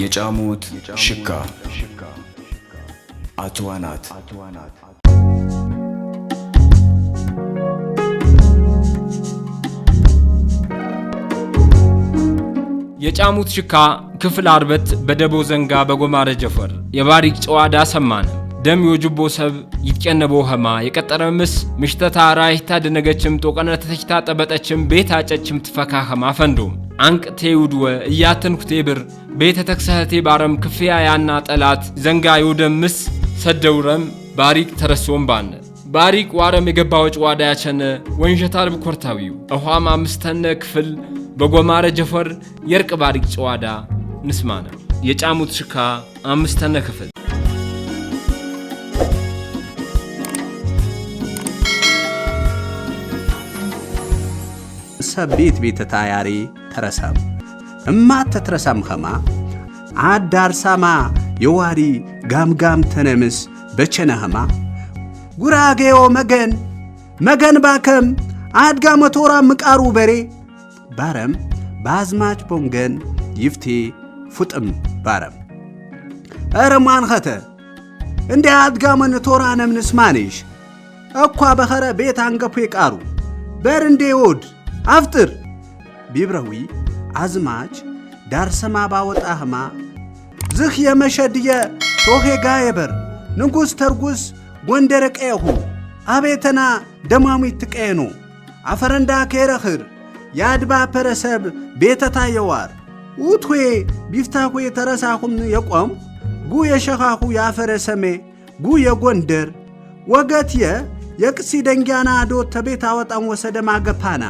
የጫሙት ሽካ አትዋናት የጫሙት ሽካ ክፍል አርበት በደቦ ዘንጋ በጎማረ ጀፈር የባሪቅ ጨዋዳ ሰማን ደም የጅቦ ሰብ ይትቀነበው ኸማ የቀጠረ ምስ ምሽተታ ራይታ ደነገችም ጦቀነ ተተችታ ጠበጠችም ቤት አጨችም ትፈካ ኸማ ፈንዶም አንቅቴ ውድወ እያተንኩቴ ብር ቤተ ተክሳህቴ ባረም ክፍያ ያና ጠላት ዘንጋ ይውደምስ ሰደውረም ባሪቅ ተረሶም ባነ ባሪቅ ዋረም የገባዎች ዋዳ ያቸነ ወንሸታርብ ኮርታዊው እኋም አምስተነ ክፍል በጎማረ ጀፈር የርቅ ባሪቅ ጨዋዳ ንስማነ የጫሙት ሽካ አምስተነ ክፍል ሰቤት ቤተ ታያሪ ተረሰብ እማ ተትረሳም ኸማ አዳርሳማ የዋሪ ጋምጋም ተነምስ በቸነኸማ ጉራጌዮ መገን መገን ባከም አድጋ መቶራ ምቃሩ በሬ ባረም ባዝማች ቦንገን ይፍቴ ፉጥም ባረም አረማን ኸተ እንደ አድጋ መቶራ ነምንስ ማንሽ እኳ በኸረ ቤት አንገፉ የቃሩ በር እንዴ ወድ አፍጥር ቢብረዊ አዝማች ዳርሰማ ባወጣህማ ዝህ የመሸድየ ቶኼ ጋየበር ንጉሥ ተርጉስ ጐንደረ ቀየሁ አቤተና ደማሙይ ትቀየኑ አፈረንዳ ኬረኽር የአድባ ፐረሰብ ቤተታ የዋር ውትዌ ቢፍታኩ የተረሳኹም የቆም ጉ የሸኻኹ የአፈረ ሰሜ ጉ የጐንደር ወገትየ የቅሲ ደንጊያና ዶ ተቤት አወጣም ወሰደ ማገፓና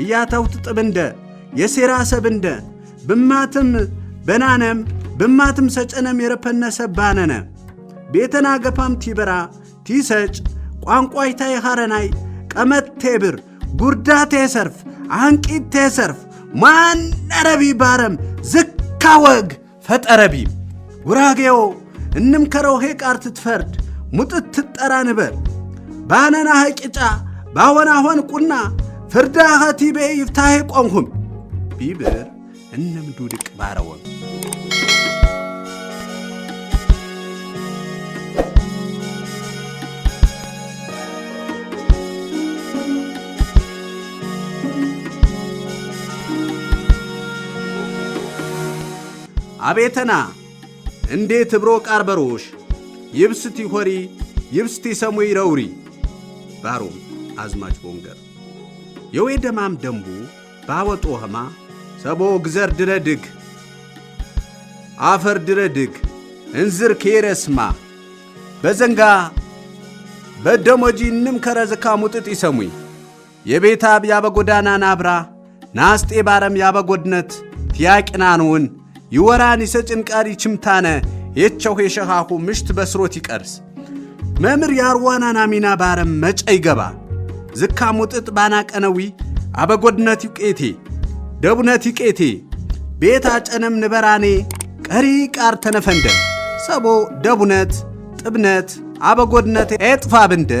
እያተውት ጥብንደ የሴራ ሰብንደ ብማትም በናነም ብማትም ሰጨነም የረፐነሰ ባነነ ቤተና ገፋም ቲበራ ቲሰጭ ቋንቋይታ ኻረናይ ቀመት ቴብር ጉርዳ ቴሰርፍ አንቂት ቴሰርፍ ማነረቢ ባረም ዝካ ወግ ፈጠረቢ ጉራጌዮ እንምከረው ሄቃር ትትፈርድ ሙጥት ትጠራ ንበር ባነና ሀቂጫ ባወናሆን ቁና ፍርዳ ኸቲቤ ይፍታሄ ቆንኹም ቢብር እነምዱ ድቅ ባረወም አቤተና እንዴት እብሮ ቃርበሮሽ ይብስቲ ሆሪ ይብስቲ ሰሙ ይረውሪ ባሮም አዝማች ቦንገር የወይ ደማም ደንቡ ባወጦ ኸማ ሰቦ ግዘር ድረድግ አፈር ድረድግ እንዝር ኬረስማ በዘንጋ በደሞጂ እንም ከረዝካ ሙጥጥ ይሰሙኝ የቤታብ ያበጎዳና ናብራ ናስጤ ባረም ያበጎድነት ቲያቂናንውን ይወራን ይሰጭን ቃሪ ችምታነ የቸው የሸኻኹ ምሽት በስሮት ይቀርስ መምር ያርዋና ሚና ባረም መጨ ይገባ ዝካ ሙጥጥ ባናቀነዊ አበጎድነት ይቄቴ ደቡነት ይቄቴ ቤታ ጨነም ንበራኔ ቀሪ ቃር ተነፈንደ ሰቦ ደቡነት ጥብነት አበጎድነት ኤጥፋ ብንደ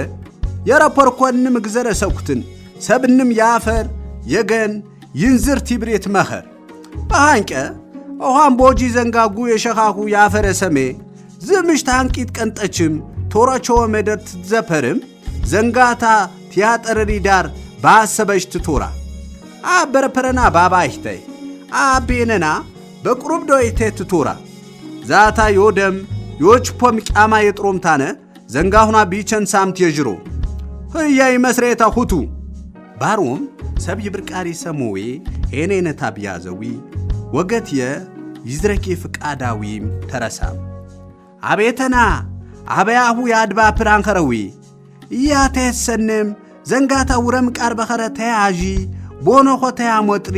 የረፖርኮንም እግዘረ ሰኩትን ሰብንም የአፈር የገን ይንዝር ቲብሬት መኸር በሃንቀ ውሃን ቦጂ ዘንጋጉ የሸኻኹ የአፈረ ሰሜ ዝምሽ ታንቂት ቀንጠችም ቶራቾ መደር ትትዘፐርም ዘንጋታ ቲያጠረሪ ዳር ባሰበሽ ትቶራ abberperena babaayhtay abbeenena በቁሩብዶይቴ ትቱራ ዛታ ዮደም ዮች ዮችፖም ቃማ የጥሮምታነ ዘንጋሁና ቢቸን ሳምት የጅሮ ህያይ መስሬታ ሁቱ ባሮም ሰብ ይብርቃሪ ሰሞዌ ሄኔነታ ቢያዘዊ የ ይዝረኬ ፍቃዳዊም ተረሳም አቤተና አበያሁ የአድባ ፕራንኸረዊ እያተየሰንም ዘንጋታ ውረም ቃር በኸረ ተያዢ ቦኖ ኾተያ ሞጥሪ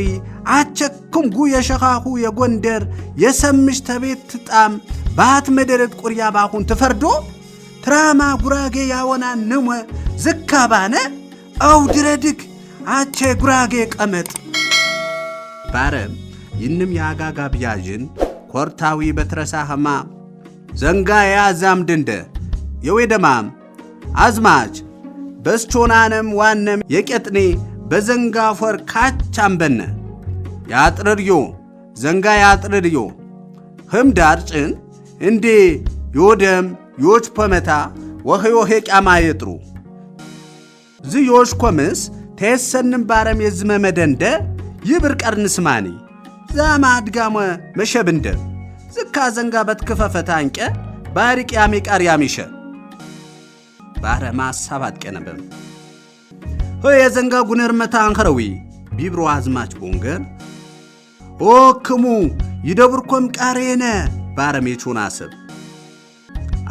አቸክምጉ የሸኻኹ የጎንደር የሰምሽ ተቤት ትጣም ባት መደረት ቁርያ ባኹን ትፈርዶ ትራማ ጉራጌ ያወና ንሞ ዝካባነ አው ድረድግ አቼ ጉራጌ ቀመጥ ባረ ይንም የአጋጋ ብያዥን ኮርታዊ በትረሳኸማ ዘንጋ የያዛም ድንደ የዌደማም አዝማች በስቾናንም ዋነም የቄጥኔ በዘንጋፈር ካች አንበነ ያጥርርዮ ዘንጋ ያጥረርዮ ህምዳር ጭን እንዴ ዮደም ዮች ፐመታ ወኸዮሄ ቃማ የጥሩ ዝ ዮች ኮምስ ተየሰንም ባረም የዝመ መደንደ ይብር ቀርንስማኒ ዛማ አድጋመ መሸብንደ ዝካ ዘንጋ በትክፈፈታ አንቄ ባሪቅ ያሜ ቃር ያሜሸ ባረማ ሳባት ቀነበም የዘንጋ ጉነር መታ አንከረዊ ቢብሮ አዝማች ቦንገር ኦ ክሙ ይደብርኮም ቃሬነ ባረሜቹን አስብ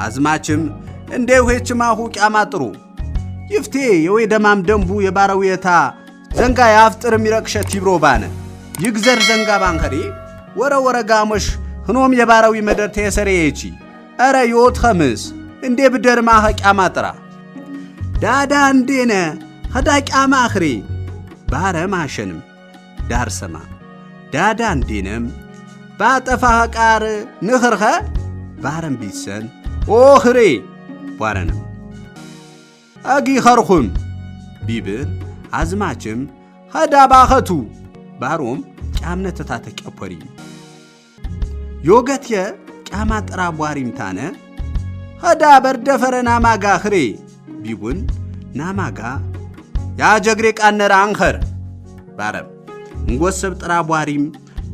አዝማችም እንዴ ውሄችማ ሁቅያማ ጥሩ ይፍቴ የወይ ደማም ደንቡ የባረውየታ ዘንጋ የአፍጥር የሚረቅሸት ይብሮ ባነ ይግዘር ዘንጋ ባንኸሬ ወረ ወረ ጋሞሽ ህኖም የባረዊ መደር ተየሰሬ የቺ ኧረ ዮት ኸምስ እንዴ ብደርማ ኸቅያማ ጥራ ዳዳ እንዴነ ኸዳቂያ ማኽሬ ባረ ማሸንም ዳርሰማ ዳዳ እንዴነም ባጠፋ ቃር ንኽርኸ ባረም ቢሰን ኦ ኦኽሬ ቧረንም አጊ ኸርኹም ቢብር አዝማችም ኸዳ ባኸቱ ባሮም ጫምነ ተታተቀፖሪ ዮገትየ ጫማ ጥራ ቧሪም ታነ ኸዳ በርደፈረ ናማጋ ኽሬ ቢቡን ናማጋ ያ ጀግሬ ቃነር አንኸር ባረብ እንጎሰብ ጥራ ቧሪም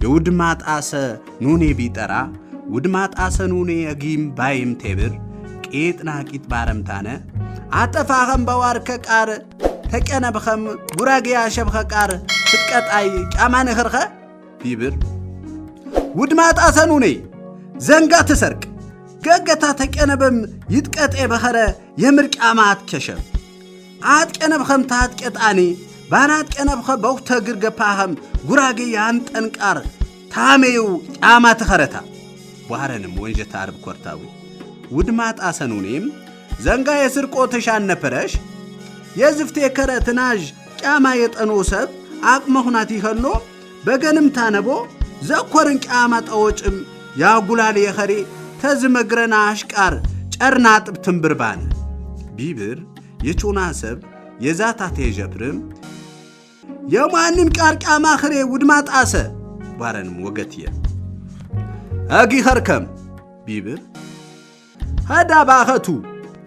የውድማ ጣሰ ኑኔ ቢጠራ ውድማ ጣሰ ኑኔ የጊም ባይም ቴብር ቄጥና ቂጥ ባረምታነ አጠፋኸም በዋርከ ቃር ተቀነብኸም ጉራጌያ ሸብኸ ቃር ትቀጣይ ጫማ ንኽርኸ ቢብር ውድማ ጣሰ ኑኔ ዘንጋ ትሰርቅ ገገታ ተቀነበም ይጥቀጤ በኸረ የምር ጫማ አትከሸብ ኣጥቀነብኸም ታጥቀጣኒ ባናጥቀነብኸ በውተግር ገፓኸም ጉራጌ ያንጠንቃር ታሜዩ ጫማ ትኸረታ ዋረንም ወንጀታ አርብ ኮርታዊ ውድማ ጣሰኑኔም ዘንጋ የስርቆትሽ አነፈረሽ የዝፍቴ ከረ ትናዥ ጫማ የጠኖ ሰብ አቅመ ሁናት ይኸሎ በገንም ታነቦ ዘኮርን ጫማ ጠወጭም ያጉላል የኸሬ ተዝመግረና አሽቃር ጨርና ጥብ ትንብርባን ቢብር የቾና ሰብ የዛታ ዠፕርም የማንም ቃርቃ ኽሬ ውድማ ጣሰ ባረንም ወገትየ አጊ ኸርከም ቢብር ኸዳ ባኸቱ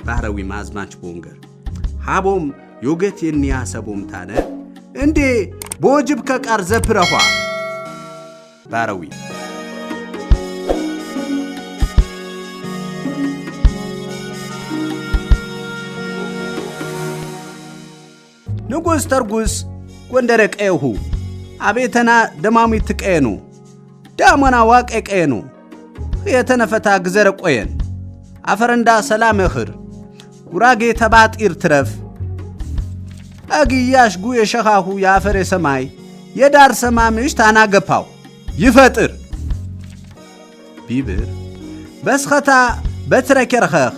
ባህረዊ ማዝማች ቦንገር ሃቦም ዮገት የንያ ሰቦም ታነ እንዴ ቦጅብ ከቃር ዘፕረኋ ባረዊ ንጉሥ ተርጉስ ጐንደረ ቀየሁ አቤተና ደማሚት ቀየኑ ዳሞና ዋቄ ቀየኑ የተነፈታ ግዘረ ቆየን አፈረንዳ ሰላም እኽር ጉራጌ ተባጢር ትረፍ አግያሽ ጉ የሸኻሁ የአፈሬ ሰማይ የዳር ሰማምሽ ታናገፓው ይፈጥር ቢብር በስኸታ በትረኬርኸኽ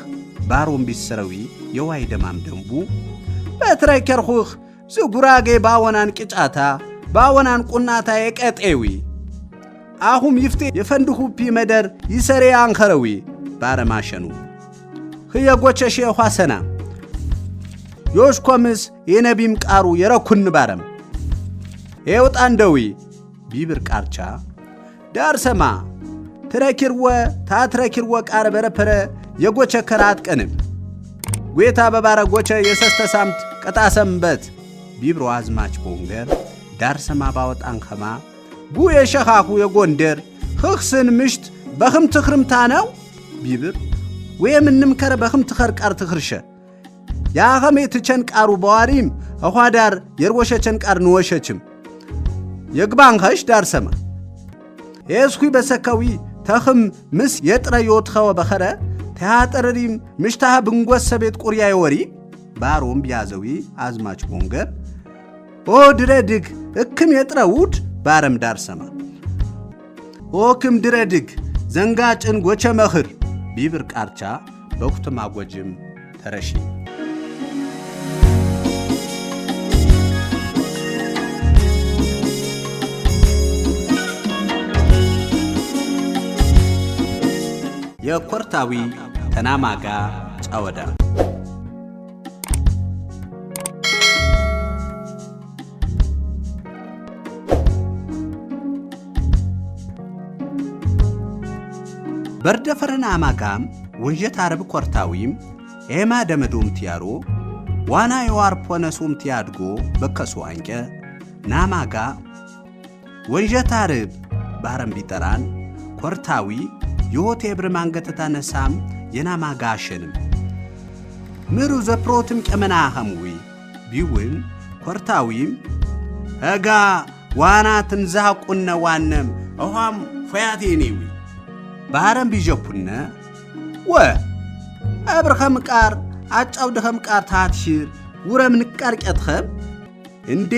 ባሮም ቢሰረዊ የዋይ ደማም ደንቡ በትረኬርኹኽ ጉራጌ ባወናን ቅጫታ ባወናን ቁናታ የቀጤዊ አሁም ይፍቴ የፈንድሁፒ መደር ይሰሬ አንኸረዊ ባረማሸኑ ህየጎቸሽ የኋሰና ዮሽኮምስ የነቢም ቃሩ የረኩን ባረም የውጣን ቢብር ቃርቻ ዳር ሰማ ትረኪርወ ታትረኪርወ ቃር በረፐረ የጎቸ ከራት ቀንም ጌታ በባረ ጎቸ የሰስተሳምት ቀጣሰምበት ቢብሮ አዝማች ቦንገር ዳር ሰማ ባወጣን ከማ ቡ የሸኻኹ የጎንደር ህኽስን ምሽት በኽም ትኽርምታ ነው ቢብር ወየም እንምከረ በኽም ትኸርቃር ትኽርሸ ያኸሜ ትቸን ቃሩ በዋሪም እኳ ዳር የርወሸ ቸንቃር ንወሸችም የግባንኸሽ ዳር ሰማ የስኩ በሰከዊ ተኽም ምስ የጥረ ዮትኸወ በኸረ ተያጠረሪም ምሽታሃ ብንጎሰ ቤት ቁርያ የወሪ ባሮም ቢያዘዊ አዝማች ቦንገር ኦድረ ድግ እክም የጥረውድ ባረም ሰማ ኦክም ድረ ድግ ዘንጋጭን ጎቸ መኽር ቢብር ቃርቻ በኩት ማጎጅም ተረሺ የኮርታዊ ተናማጋ ጫወዳ በርደፈረን አማጋም ውንዠት አረብ ኮርታዊም ኤማ ደመዶም ቲያሮ ዋና የዋር ፖነሱም ቲያድጎ በከሱ አንቄ ናማጋ ወንዠት አረብ ባረም ቢጠራን ኮርታዊ የሆቴ ብር ማንገተታ ነሳም የናማጋ አሸንም ምሩ ዘፕሮትም ቀመና ሐምዊ ቢውን ኮርታዊም ሕጋ ዋና ዛቁነ ዋነም እኋም ፈያቴኔዊ ባሕረን ቢጀኩነ ወ አብርኸ ምቃር አጫውድኸ ቃር ታትሽር ውረም ንቃር ቄትኸም እንዴ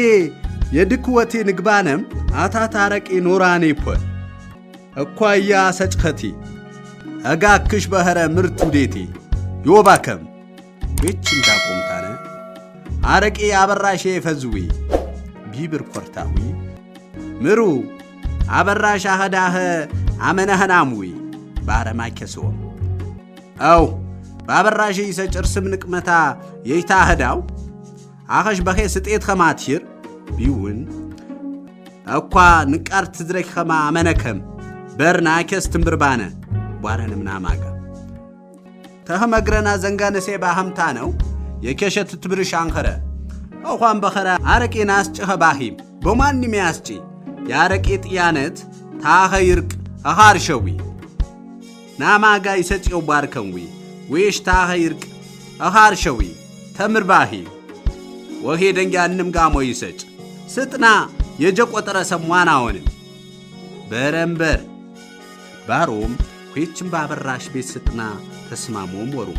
የድክወቴ ንግባነም አታታረቂ ኖራኔ ፖ እኳያ ሰጭኸቲ እጋክሽ በኸረ ምርት ውዴቴ ዮባከም ቤች እንዳቆምታነ አረቂ አበራሼ ፈዝዊ ቢብር ኰርታዊ ምሩ አበራሽ አኸዳኸ አመነኸናምዊ በአረማኬስዎ አው ባበራሽ ይሰጭር ስም ንቅመታ የይታ የይታህዳው አኸሽ በኸይ ስጤት ኸማትሂር ቢውን እኳ ንቃር ትድረክ ኸማ አመነከም በርናኬስ ትምብርባነ ቧረንም ናማገ ተኸመግረና ዘንጋ ነሴ ባህምታ ነው የኬሸት ትብርሽ አንኸረ እኳን በኸረ አረቄ ናስጭኸ ባሂም በማንም ያስጪ የአረቄ ጥያነት ታኸ ይርቅ አኻርሸዊ ናማጋ ይሰጽዮ ባርከንዊ ወይሽታኸ ይርቅ አኻርሸዊ ተምርባሂ ወኼ ደንጊያንም ጋሞ ይሰጭ ስጥና የጀቆጠረ ሰሟን አዎንን በረምበር ባሮም ዄችም ባበራሽ ቤት ስጥና ተስማሞም ወሩ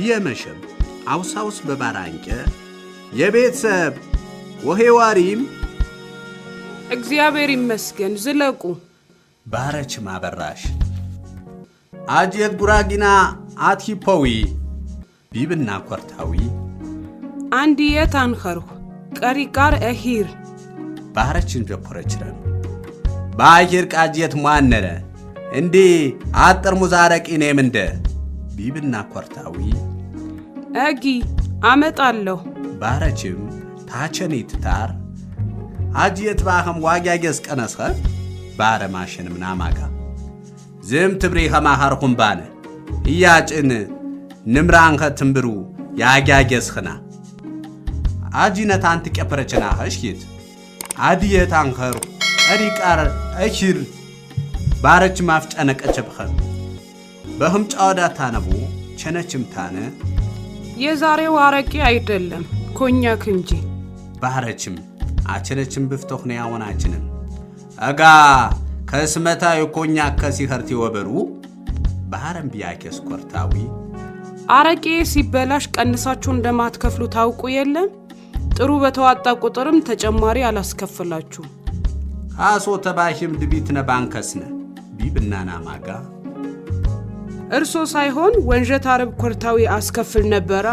ድየመሸም አውሳውስ በባራንቄ የቤተሰብ ወሄዋሪም እግዚአብሔር ይመስገን ዝለቁ ባረች ማበራሽ አጅየት ጉራጊና አትሂፖዊ ቢብና ኮርታዊ አንድየት አንኸርሁ ቀሪ ቃር እሂር ባህረችን ጀኮረችረን በአሂር ቃጅየት ሟነረ እንዲህ አጠርሙዝ ኔምንደ እንደ ቢብና ኮርታዊ እጊ አመጣለሁ ባረችም ታቸኔት ታር አጅ የትባኸም ዋግያጌስ ቀነስኸ ባረ ማሸንም ናማጋ ዝም ትብሪ ኸማሃርኹም ባነ እያጭን ንምራንኸ ትንብሩ ያግያጌስኽና ቀፈረችና ትቀፈረችናኸ እሽኪት አድየታንኸር ቀሪቃር እሽር ባረች ማፍጨነቀችብኸ በህምጫ ወዳ ታነቦ ቸነችም ታነ የዛሬው አረቄ አይደለም ኮኛክ እንጂ ባህረችም አቸነችም ብፍቶኽንያ ወናችንም እጋ ከስመታ የኮኛክ ከሲኸርቲ ወበሩ ባህረም ቢያኬስ ኮርታዊ አረቄ ሲበላሽ ቀንሳችሁ እንደማትከፍሉ ታውቁ የለም ጥሩ በተዋጣ ቁጥርም ተጨማሪ አላስከፍላችሁ ካሶ ተባሽም ድቢትነ ባንከስነ ቢብናና ማጋ እርሶ ሳይሆን ወንጀት አረብ ኮርታዊ አስከፍል ነበራ።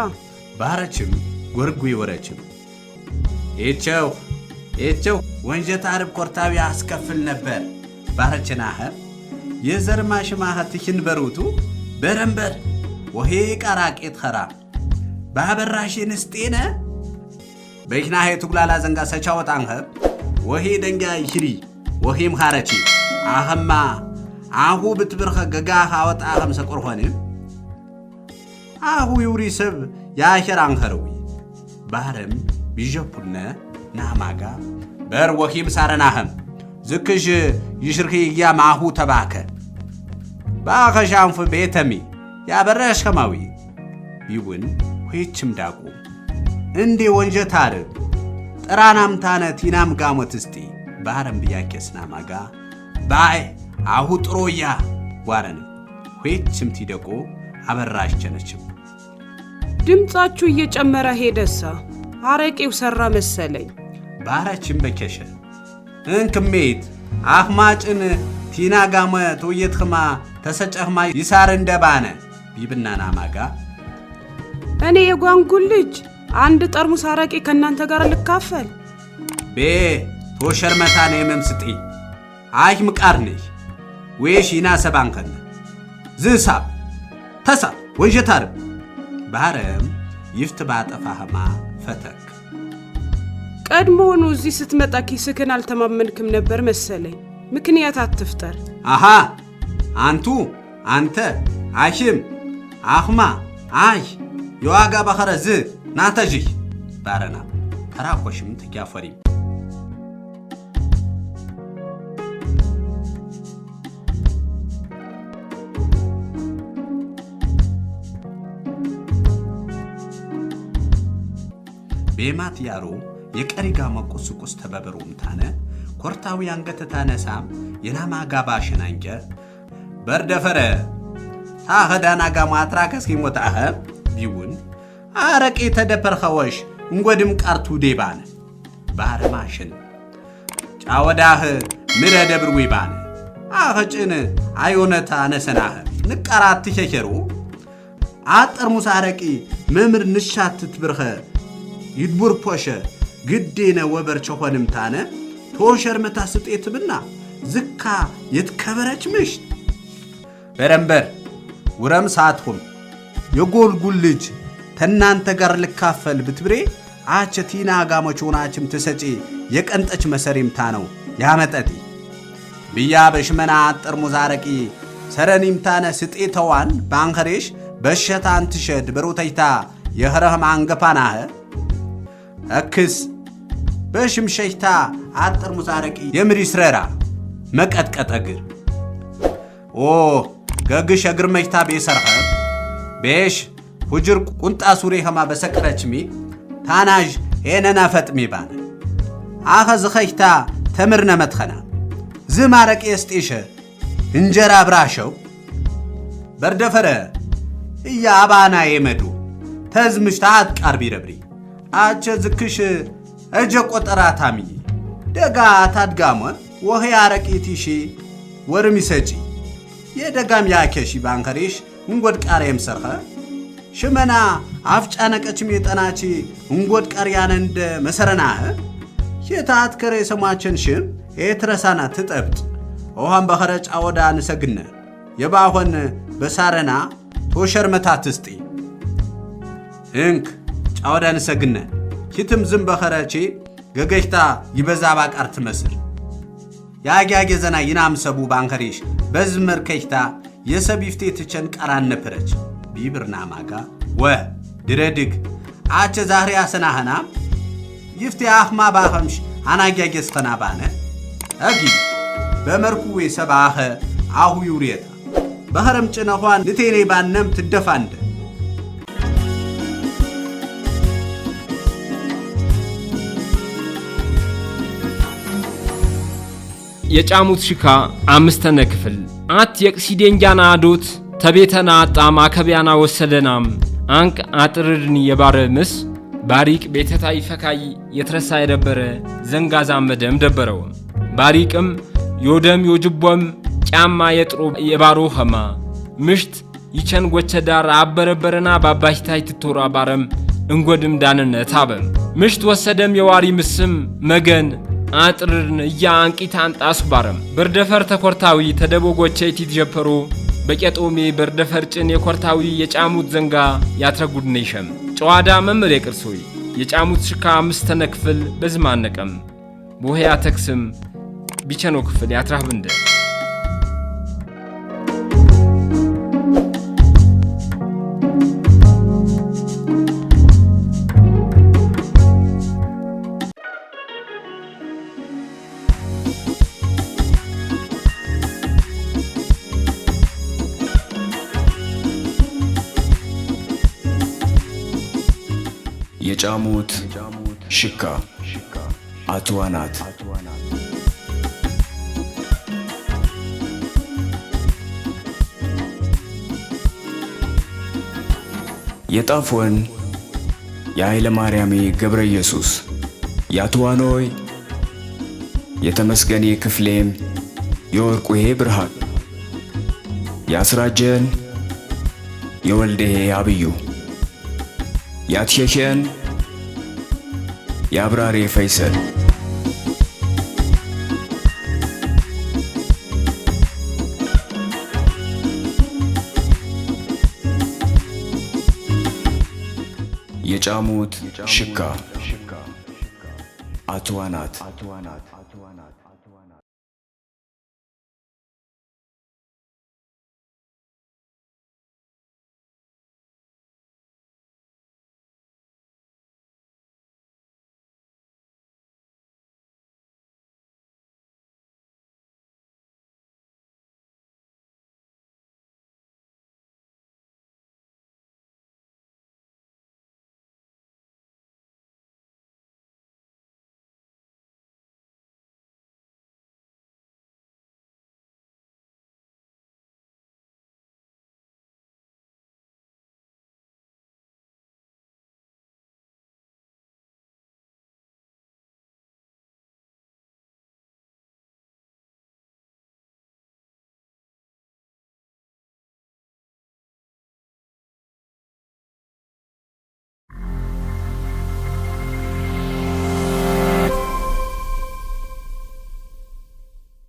ባረችም ጎርጉ ይወረችም ይቸው ይቸው ወንጀት አረብ ኮርታዊ አስከፍል ነበር ባረችን ባረችናኸ የዘርማሽማኸ ትሽን በሩቱ በረንበር ወሄ ቃራቄት ኸራ ባበራሽን ስጤነ በይሽናኸ የትጉላላ ዘንጋ ሰቻወጣንኸ ወሄ ደንጋ ይሽሪ ወሄም ኻረቺ አኸማ አሁ ብትብርኸ ገጋ ካወጣ ከምሰቁር ኮን ኾነ አሁ ይውሪ ሰብ የአሸር አንኸርዊ ባህረም ቢዠኩነ ናማጋ በር ወኺም ሳረናኸም ዝክሽ ይሽርኺ እያ ማሁ ተባከ ባኸ ቤተሚ ያበረሽ ከማዊ ይውን ዄችም ዳቁ እንዴ ወንጀ ታርብ ጥራናም ታነ ቲናም ጋሞት እስጢ ባህረም ብያኬስ ናማጋ ባይ አሁጥሮያ ጓረንም ዄችም ቲደቆ አበራሽ ቸነችም ድምፃችሁ እየጨመረ ሄደሳ አረቄው ሰራ መሰለኝ ባህራችን በኬሸ እንክሜት አህማጭን ቲና ጋመ ተውየትኽማ ተሰጨኽማ ይሳር እንደባነ ቢብናና ማጋ እኔ የጓንጉን ልጅ አንድ ጠርሙስ አረቄ ከእናንተ ጋር ልካፈል ቤ ቶሸርመታነ የመምስጢ አይምቃርንህ ወየሺና ሰባንከን ዝሳብ ተሳብ ወንዠታርም ባረም ይፍት ባጠፋህማ ፈተክ ቀድሞውኑ እዚህ ስትመጣ ኪስክን አልተማመንክም ነበር መሰለኝ። ምክንያት አትፍጠር። አሃ አንቱ አንተ አሽም አኽማ አይ የዋጋ ባኸረ ዝ ናተዥይ ባረና ተራኮሽም ተኪያፈሪም ቤማት ያሮ የቀሪጋ መቁስቁስ ተበብሮም ታነ ኮርታዊ አንገተ ታነሳ የናማ ጋባ ሽናንጀ በርደፈረ ታኸዳና ጋማ አትራከስኪ ሞታኸ ቢውን አረቂ ተደፐርኸወሽ እንጎድም ቃርቱ ዴባነ ባረማሽን ጫወዳህ ምረ ደብር ዊባነ አኸጭን አዮነት አነሰናህ ንቃራት ትሸሸሩ አጠርሙስ አረቂ መምር ንሻት ትትብርኸ ይድቡር ፖሸ ግዴነ ወበር ቸኾንም ታነ ቶሸር መታ ስጤትብና ዝካ የትከበረች ምሽት በረንበር ውረም ሳትሁም የጎልጉል ልጅ ተናንተ ጋር ልካፈል ብትብሬ አቸ ቲና ጋሞች ሆናችም ትሰጪ የቀንጠች መሰሪምታ ነው ያመጠጢ ብያ በሽመና ጠርሙዝ አረቂ ሰረኒምታነ ስጤተዋን ባንኸሬሽ በሸታን ትሸድ በሮተይታ የኸረህም አንገፋናኸ አክስ በሽምሸሽታ አጠርሙዝ አረቂ የምሪ ስረራ መቀጥቀጥ እግር ኦ ገግሽ እግር መጅታ ቤሰርኸ ቤሽ ሁጅር ቁንጣ ሱሬ ኸማ በሰቅረችሚ ታናዥ ሄነና ፈጥሚ ባነ አኸ ዝኸጅታ ተምርነ መትኸና ዝማረቂ የስጤሸ እንጀራ ብራሸው በርደፈረ እያ አባና የመዱ ተዝምሽታ አትቃርቢ ረብሪ አቸ ዝክሽ እጀ ቆጠራ ታምዬ ደጋ ታድጋመን ወህ ያረቂቲሺ ወርም ይሰጪ የደጋም ያኬሺ ባንከሪሽ እንጎድ ቃር የምሰርኸ ሽመና አፍጫነቀችም የጠናቺ እንጎድ ቀርያነ እንደ መሰረናህ የታት ከሬ የሰማችን ሽም ኤትረሳና ትጠብጥ ውሃን በኸረጫ ወዳ ንሰግነ የባሆን በሳረና ቶሸርመታት ትስጢ እንክ ጫወዳ ንሰግነ ኪትም ዝም በኸረቺ ገገሽታ ይበዛ ባቃር ትመስል የአጊያጌ ዘና ይናምሰቡ ባንከሪሽ በዝ መርከጅታ የሰብ ይፍቴ ትቸን ቀራን ነፍረች ቢብርና ማጋ ወ ድረድግ አቸ ዛሬ አሰናህና ይፍቴ አኽማ ባኸምሽ አናጊያጌ ስተና ባነ አጊ በመርኩዌ ሰባኸ አሁ ዩሬታ በኸረም ጭነኋን ንቴኔ ባነም ትደፋንደ የጫሙት ሽካ አምስተነ ክፍል አት የቅሲዴንጃና አዶት ተቤተና አጣ ማከቢያና ወሰደናም አንቅ አጥርድን የባረ ምስ ባሪቅ ቤተታይ ፈካይ የትረሳ የደበረ ዘንጋዛም መደም ደበረው ባሪቅም ዮደም ዮጅቦም ጫማ የጥሮ የባሮ ኸማ ምሽት ይቸን ጎቸ ዳር አበረበረና ባባሽታይ ትቶራ ባረም እንጎድም ዳንነት አበም ምሽት ወሰደም የዋሪ ምስም መገን አጥርን እያአንቂት አንጣስባረም በርደፈር ተኮርታዊ ተደቦጎቼ ቲትጀፐሩ በቄጦሜ በርደፈር ጭን የኮርታዊ የጫሙት ዘንጋ ያትረጉድኔሸም ጨዋዳ መምር የቅርሶይ የጫሙት ሽካ አምስተነ ክፍል በዝማነቀም ቦሄያ አተክስም ቢቸኖ ክፍል ያትራህብንደ የጫሙት ሽካ አትዋ የጣፎን የኃይለ ማርያሜ ገብረ ኢየሱስ የአትዋኖይ የተመስገኔ ክፍሌም የወርቁሄ ብርሃን የአስራጀን የወልደሄ አብዩ ያትሸሸን የአብራሪ ፈይሰል የጫሙት ሽካ አትዋናት